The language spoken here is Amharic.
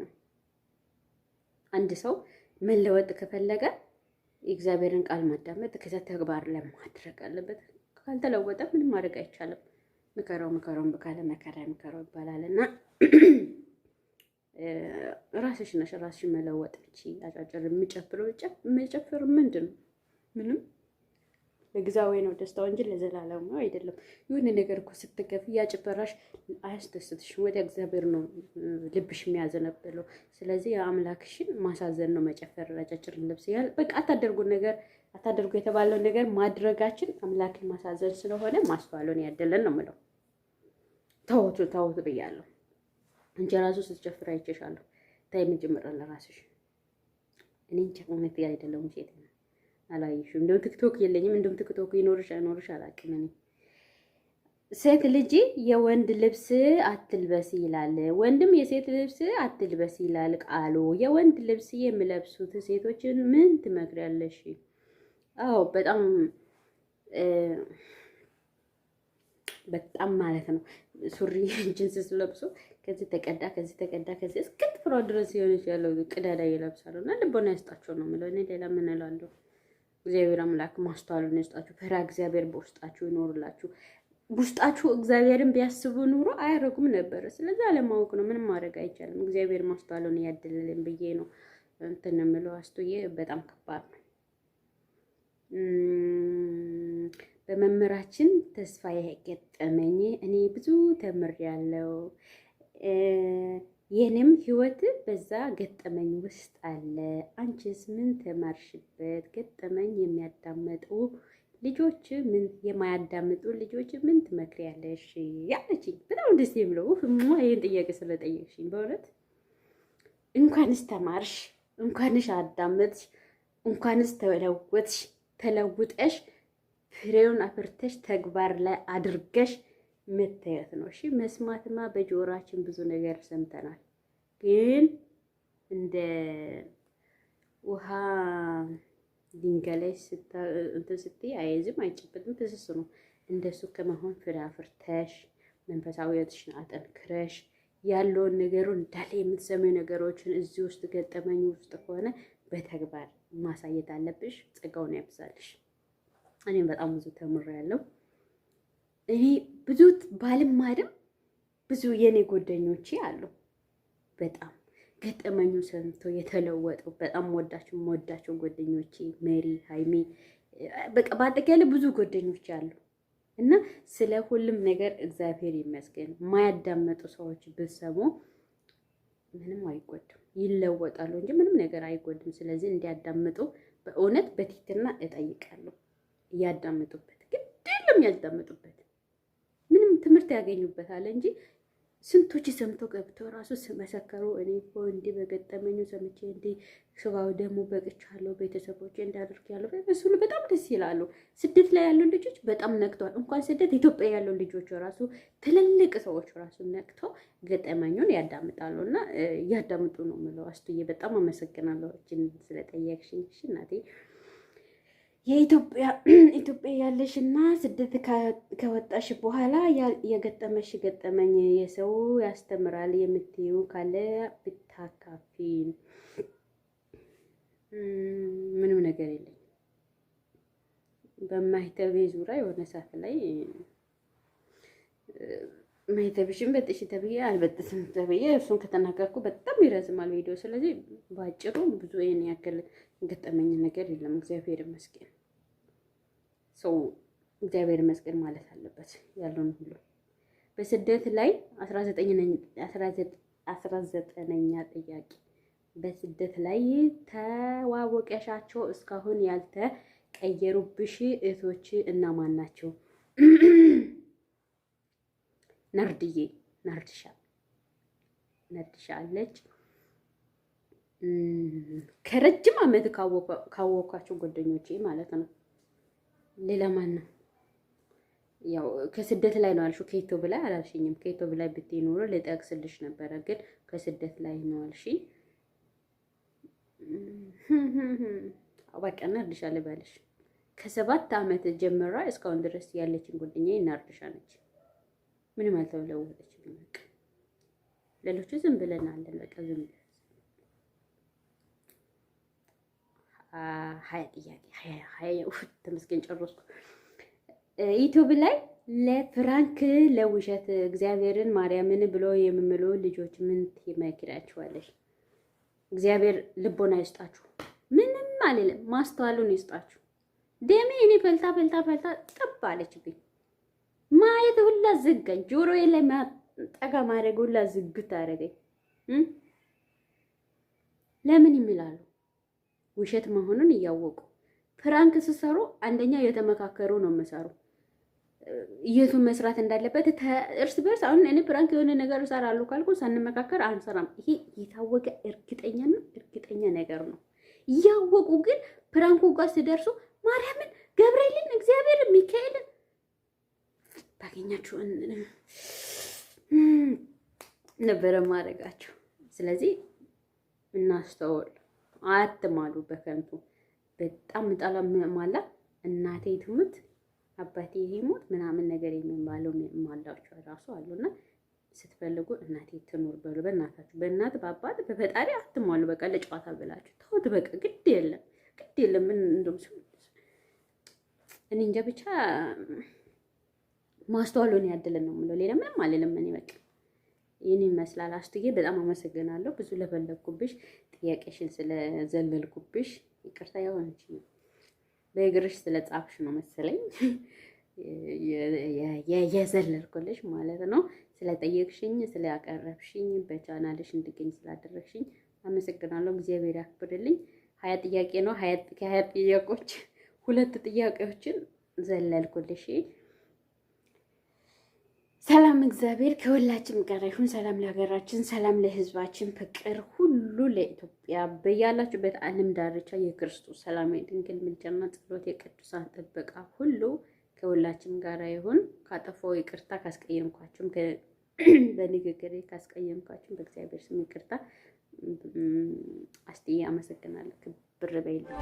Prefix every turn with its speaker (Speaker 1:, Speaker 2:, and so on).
Speaker 1: ነው። አንድ ሰው መለወጥ ከፈለገ የእግዚአብሔርን ቃል ማዳመጥ ከዛ ተግባር ለማድረግ ማድረግ አለበት። ካልተለወጠ ምንም ማድረግ አይቻልም። ምከረው ምከረውን ብካለ መከራ ምከረው ይባላል እና ራስሽ ነሽ ራስሽ መለወጥ ብቻ። አጫጭር የምጨፍረው ብቻ የምጨፍር ምንድን ነው ምንም በጊዜያዊ ነው ደስታው እንጂ ለዘላለሙ አይደለም። ይሁን ነገር እኮ ስትገፍ እያጭበራሽ አያስደስትሽ። ወደ እግዚአብሔር ነው ልብሽ የሚያዘነበለው። ስለዚህ የአምላክሽን ማሳዘን ነው መጨፈር፣ ረጫጭር ልብስ ያል በቃ አታደርጉ ነገር አታደርጉ የተባለው ነገር ማድረጋችን አምላክን ማሳዘን ስለሆነ ማስተዋሉን ያደለን ነው ምለው። ተውቱ ተውቱ ብያለሁ እንጂ ራሱ ስትጨፍር አይቼሻለሁ። ታይ መጀመሪያ ለራስሽ እኔ እንጨ እውነት አይደለም ሴት ነው አላየሽም። እንደው ቲክቶክ የለኝም። እንደውም ቲክቶክ ይኖርሽ አይኖርሽ አላውቅም። እኔ ሴት ልጅ የወንድ ልብስ አትልበስ ይላል፣ ወንድም የሴት ልብስ አትልበስ ይላል ቃሉ። የወንድ ልብስ የሚለብሱት ሴቶችን ምን ትመክሪያለሽ? አዎ በጣም በጣም ማለት ነው። ሱሪ ጅንስ ስለብሶ ከዚህ ተቀዳ ከዚህ ተቀዳ ከዚህ እስከ ፍሮ ድረስ የሆነች ይችላል ቅዳዳ ይለብሳሉ እና ልቦና ያስጣቸው ነው የምለው እኔ ሌላ ምን እላለሁ? እግዚአብሔር አምላክ ማስተዋልን ይስጣችሁ። ፈራ እግዚአብሔር በውስጣችሁ ይኖርላችሁ። ውስጣችሁ እግዚአብሔርን ቢያስቡ ኑሮ አያደርጉም ነበረ። ስለዚህ አለማወቅ ነው፣ ምንም ማድረግ አይቻልም። እግዚአብሔር ማስተዋልን እያደለልን ብዬ ነው እንትን የምለው። አስቶዬ በጣም ከባድ ነው። በመምህራችን ተስፋ ያገጠመኝ እኔ ብዙ ተምሬያለሁ። የኔም ህይወት በዛ ገጠመኝ ውስጥ አለ። አንቺስ ምን ተማርሽበት? ገጠመኝ የሚያዳምጡ ልጆች ምን የማያዳምጡ ልጆች ምን ትመክሪያለሽ? ያለችኝ በጣም ደስ የሚለው ይህን ጥያቄ ስለጠየቅሽኝ በእውነት እንኳንስ ተማርሽ፣ እንኳንሽ አዳመጥሽ፣ እንኳንስ ተለወጥሽ፣ ተለውጠሽ ፍሬውን አፍርተሽ ተግባር ላይ አድርገሽ መታየት ነው። እሺ መስማትማ በጆሮአችን ብዙ ነገር ሰምተናል፣ ግን እንደ ውሃ ድንጋይ ላይ እንትን ስትይ አይዝም፣ አይጨበጥም፣ ትስስ ነው። እንደሱ ከመሆን ፍራፍርተሽ መንፈሳዊነትሽን አጠንክረሽ ያለውን ነገሩ እንዳለ የምትሰሚው ነገሮችን እዚህ ውስጥ ገጠመኝ ውስጥ ከሆነ በተግባር ማሳየት አለብሽ። ጸጋውን ያብዛልሽ። እኔም በጣም ብዙ ተምሬያለሁ። እኔ ብዙ ባልማድም ብዙ የኔ ጎደኞች አሉ። በጣም ገጠመኙ ሰምቶ የተለወጡ በጣም ወዳቸው ወዳቸው ጓደኞቼ ሜሪ፣ ሃይሜ በቃ በአጠቃላይ ብዙ ጓደኞች አሉ እና ስለ ሁሉም ነገር እግዚአብሔር ይመስገን። የማያዳመጡ ሰዎች ብትሰሙ ምንም አይጎድም፣ ይለወጣሉ እንጂ ምንም ነገር አይጎድም። ስለዚህ እንዲያዳምጡ በእውነት በትህትና እጠይቃለሁ። እያዳምጡበት ግን ደለም ያዳምጡበት ትምህርት ያገኙበታል እንጂ ስንቶች ሰምቶ ገብተው ራሱ መሰከሩ። እኔ እኮ እንዲህ በገጠመኝ ሰምቼ እንዲህ ስጋው ደግሞ በቅቻለሁ፣ ቤተሰቦች እንዳደርግ ያለው በምስሉ በጣም ደስ ይላሉ። ስደት ላይ ያሉ ልጆች በጣም ነቅተዋል። እንኳን ስደት ኢትዮጵያ ያለው ልጆች ራሱ ትልልቅ ሰዎች ራሱ ነቅተው ገጠመኙን ያዳምጣሉ እና ያዳምጡ ነው ምለው። አስቱዬ በጣም አመሰግናለሁ ስለጠየቅሽኝ እናቴ። የኢትዮጵያ ኢትዮጵያ ያለሽ እና ስደት ከወጣሽ በኋላ የገጠመሽ ገጠመኝ የሰው ያስተምራል የምትዩ ካለ ብታካፊ። ምንም ነገር የለም። በማይተቤ ዙሪያ የሆነ ሰዓት ላይ ማይተብሽን በጥሽ ተብዬ አልበጥስም ተብዬ እሱን ከተናገርኩ በጣም ይረዝማል ቪዲዮ። ስለዚህ በአጭሩ ብዙ ይህን ያክል ገጠመኝ ነገር የለም። እግዚአብሔር ይመስገን። ሰው እግዚአብሔር ይመስገን ማለት አለበት ያለውን ሁሉ። በስደት ላይ አስራ ዘጠነኛ ጥያቄ በስደት ላይ ተዋወቀሻቸው እስካሁን ያልተቀየሩብሽ እህቶች እነማን ናቸው? ነርድዬ ነርድሻ ነርድሻ አለች። ከረጅም ዓመት ካወኳቸው ጓደኞቼ ማለት ነው። ሌላ ማን ነው? ያው ከስደት ላይ ነው አልሽው። ከቶ ብላ አላልሽኝም። ከቶ ብላ ብትይ ኖሮ ልጠቅስልሽ ነበረ፣ ግን ከስደት ላይ ነው አልሽ። በቃ እናርድሻለሁ ባለሽ ከሰባት አመት ጀምራ እስካሁን ድረስ ያለችን ጓደኛዬ እናርድሻለች። ምንም አልተለወጠችም። በቃ ሌሎቹ ዝም ብለናለን። በቃ ዝም ብለን ሀያ ጥያቄ ሀያ ተመስገን ጨረስኩ። ዩቲዩብ ላይ ለፍራንክ ለውሸት እግዚአብሔርን ማርያምን ብሎ የምምሉ ልጆች ምን ትመክራችኋለሽ? እግዚአብሔር ልቦና ይስጣችሁ። ምንም አልልም፣ ማስተዋሉን ይስጣችሁ። ደሜ እኔ ፈልታ ፈልታ ፈልታ ጥብ አለችብኝ። ማየት ሁላ ዝጋኝ። ጆሮዬ ላይ ጠጋ ማድረግ ሁላ ዝግት አደረገኝ። ለምን ይምላሉ? ውሸት መሆኑን እያወቁ ፕራንክ ስሰሩ አንደኛ የተመካከሩ ነው የምሰሩ። የቱን መስራት እንዳለበት እርስ በርስ አሁን እኔ ፕራንክ የሆነ ነገር እሰራለሁ ካልኩ ሳንመካከር አንሰራም። ይሄ የታወቀ እርግጠኛና እርግጠኛ ነገር ነው። እያወቁ ግን ፕራንኩ ጋር ሲደርሱ ማርያምን፣ ገብርኤልን፣ እግዚአብሔር ሚካኤልን ታገኛችሁ ነበረ ማድረጋችሁ። ስለዚህ እናስተውል። አትማሉ በከንቱ። በጣም ጣላ ማላ እናቴ ትሙት አባቴ ይሞት ምናምን ነገር የሚባለው ማላችሁ ራሱ አሉና ስትፈልጉ እናቴ ትኖር በሉ። በእናታችሁ በእናት በአባት በፈጣሪ አትሟሉ። በቃ ለጨዋታ ብላችሁ ተውት። በቃ ግድ የለም ግድ የለም ምን እንደም ሲሆን እኔ እንጃ ብቻ ማስተዋሉን ያደለን ነው የምለው። ሌላ ምንም አልልም እኔ በቃ ይህን ይመስላል። አስትዬ በጣም አመሰግናለሁ። ብዙ ለፈለግኩብሽ፣ ጥያቄሽን ስለዘለልኩብሽ ይቅርታ። ያሆነች በእግርሽ ስለጻፍሽ ነው መሰለኝ የዘለልኩልሽ ማለት ነው። ስለጠየቅሽኝ፣ ስለያቀረብሽኝ፣ በቻናልሽ እንድገኝ ስላደረግሽኝ አመሰግናለሁ። እግዚአብሔር ያክብርልኝ። ሀያ ጥያቄ ነው። ከሀያ ጥያቄዎች ሁለት ጥያቄዎችን ዘለልኩልሽ። ሰላም እግዚአብሔር ከሁላችን ጋር ይሁን። ሰላም ለሀገራችን፣ ሰላም ለሕዝባችን፣ ፍቅር ሁሉ ለኢትዮጵያ። በያላችሁበት ዓለም ዳርቻ የክርስቶስ ሰላም፣ የድንግል ምልጃና ጸሎት፣ የቅዱሳን ጥበቃ ሁሉ ከሁላችን ጋር ይሁን። ካጠፋው ይቅርታ፣ ካስቀየምኳችሁም በንግግሬ ካስቀየምኳችሁም በእግዚአብሔር ስም ይቅርታ አስጥዬ አመሰግናለሁ። ክብር በይልኝ።